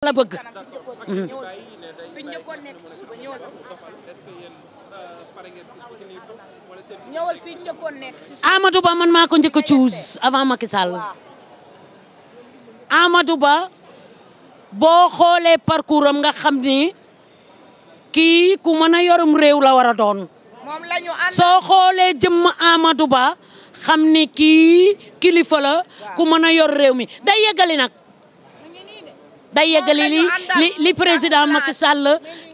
bëgg. Amadou Ba man maa njëkk a choose avant Macky Amadou Ba boo xoolee parcouram am nga xam ni kii ku mën a yorum réew la war a doon. soo xoolee jëmm Amadou Ba xam ni kii kilifa la ku mën a yor réew mi day yeggali nag. day yeggali li li président Macky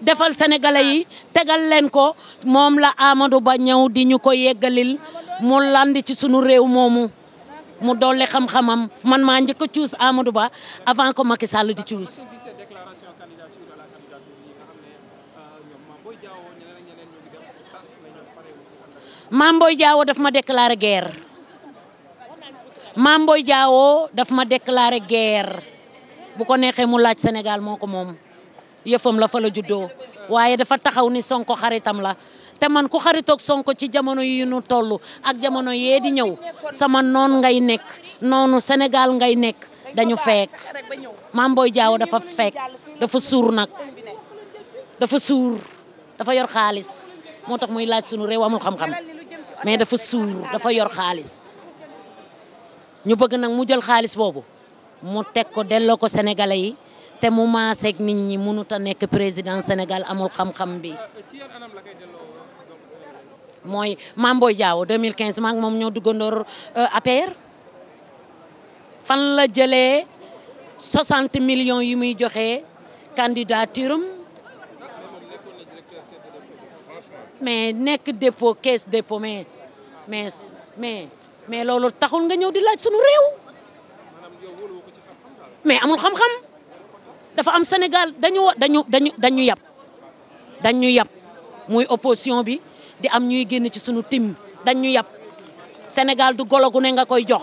defal sénégalais yi tegal leen ko moom la Amadou Ba ñëw di ñu ko yeggalil mu landi ci sunu réew moomu mu dolli xam-xamam man maa njëkk a cuus Amadou Ba avant que Macky Sall di cuus. Euh, Mame Boye Diao daf ma déclaré daf ma déclaré guerre. bu ko neexee mu laaj Sénégal moo ko moom yëfam la fa la juddoo waaye dafa taxaw ni Sonko xaritam la te man ku xaritoog Sonko ci jamono yi nu toll ak jamono yee di ñëw sama noon ngay nekk noonu Sénégal ngay nekk dañu fekk Mame Boye Diao dafa fekk dafa suur nag dafa suur dafa yor xaalis moo tax muy laaj sunu réew amul xam-xam mais dafa suur dafa yor xaalis ñu bëgg nag mu jël xaalis boobu mu teg ko delloo ko sénégalais yi te mu maaseeg nit ñi mënut a nekk président Sénégal amul xam-xam bi mooy Mame Boye Diao 2015 maa ngi moom ñoo duggandoor euh, APR fan la jëlee 60 millions yu muy joxe candidature mais nekk dépôt caisse dépôt mais mais mais mais loolu taxul nga ñëw di laaj sunu réew. mais amul xam-xam dafa am Sénégal dañu dañu dañu dañu yab dañu yab muy opposition bi di am ñuy génn ci sunu tim dañu yab Sénégal du golo gune nga koy jox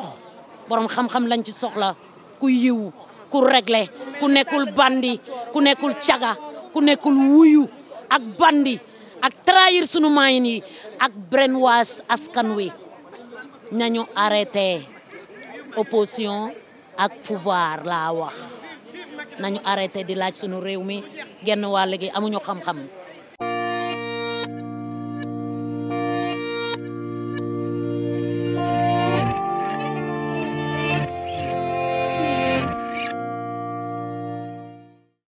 borom xam-xam lañ ci soxla ku yiw ku réglé ku nekkul bandi ku nekkul caga ku nekkul wuyu ak bandi ak trahir sunu mayin nii ak brainwash askan wi nañu arrêté opposition ak pouvoir laa wax nañu arrêté di laaj sunu réew mi genn wàll gi amuñu xam-xam